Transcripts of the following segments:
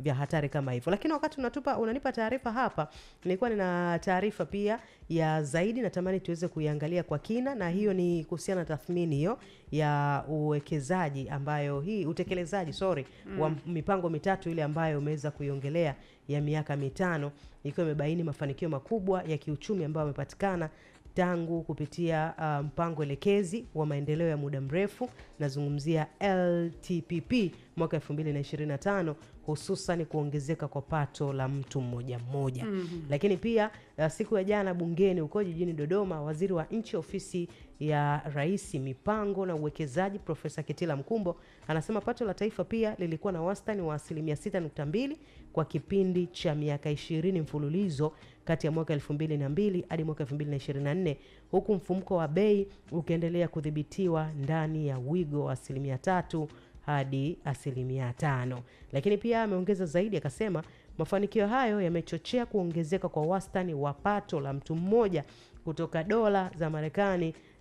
vya hatari kama hivyo. Lakini wakati unatupa unanipa taarifa hapa, nilikuwa nina taarifa pia ya zaidi, natamani tuweze kuiangalia kwa kina, na hiyo ni kuhusiana na tathmini hiyo ya uwekezaji ambayo hii utekelezaji sorry, mm. wa mipango mitatu ile ambayo umeweza kuiongelea ya miaka mitano, ikiwa imebaini mafanikio makubwa ya kiuchumi ambayo yamepatikana tangu kupitia uh, mpango um, elekezi wa maendeleo ya muda mrefu, nazungumzia LTPP mwaka 2025, hususan kuongezeka kwa pato la mtu mmoja mmoja. mm -hmm. Lakini pia uh, siku ya jana bungeni huko jijini Dodoma, waziri wa nchi ofisi ya Rais mipango na uwekezaji Profesa Kitila Mkumbo anasema pato la taifa pia lilikuwa na wastani wa asilimia 6.2 kwa kipindi cha miaka 20 mfululizo kati ya mwaka 2002 hadi mwaka 2024, huku mfumko wa bei ukiendelea kudhibitiwa ndani ya wigo wa asilimia tatu hadi asilimia tano. Lakini pia ameongeza zaidi akasema mafanikio hayo yamechochea kuongezeka kwa wastani wa pato la mtu mmoja kutoka dola za Marekani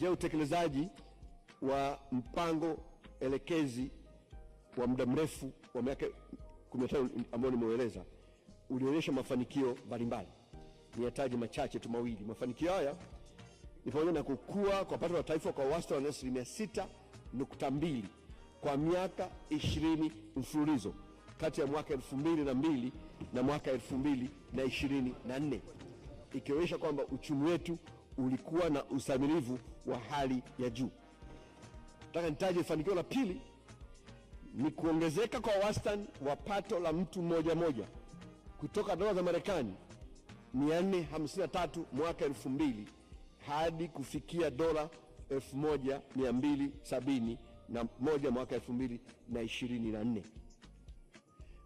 je, utekelezaji wa mpango elekezi wa muda mrefu wa miaka 15 ambao nimeueleza ulionyesha mafanikio mbalimbali. niyataji machache tu mawili. Mafanikio haya ni pamoja na kukua kwa pato la taifa kwa wastani wa asilimia mbili kwa miaka ishirini mfululizo kati ya mwaka elfu mbili na mbili na mwaka elfu mbili na na ishirini nne ikionyesha kwamba uchumi wetu ulikuwa na usamirivu wa hali ya juu. Nataka nitaje fanikio la pili ni kuongezeka kwa wastani wa pato la mtu mmoja moja kutoka dola za Marekani 453 mwaka 2000 hadi kufikia dola 1271 mwaka 2024.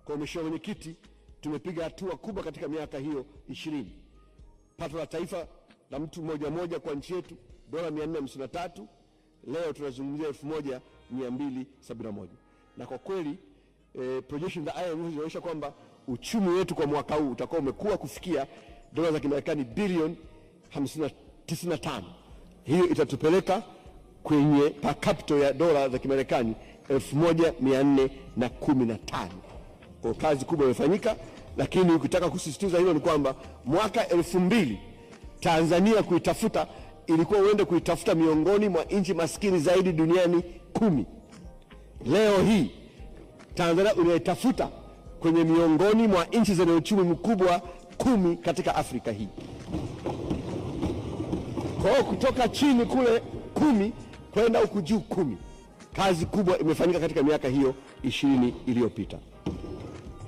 Kwa Mheshimiwa Mwenyekiti, tumepiga hatua kubwa katika miaka hiyo ishirini. Pato la taifa na mtu moja moja kwa nchi yetu dola 453 leo tunazungumzia 1271 na kwa kweli e, projection za IMF zinaonyesha kwamba uchumi wetu kwa mwaka huu utakuwa umekuwa kufikia dola za Kimarekani bilioni 95. Hiyo itatupeleka kwenye per capita ya dola za Kimarekani 1415. Kwa kazi kubwa imefanyika, lakini ukitaka kusisitiza hilo ni kwamba mwaka elfu mbili Tanzania kuitafuta ilikuwa uende kuitafuta miongoni mwa nchi maskini zaidi duniani kumi. Leo hii Tanzania unaitafuta kwenye miongoni mwa nchi zenye uchumi mkubwa kumi katika Afrika hii. Kwa hiyo kutoka chini kule kumi kwenda huku juu kumi, kazi kubwa imefanyika katika miaka hiyo ishirini iliyopita.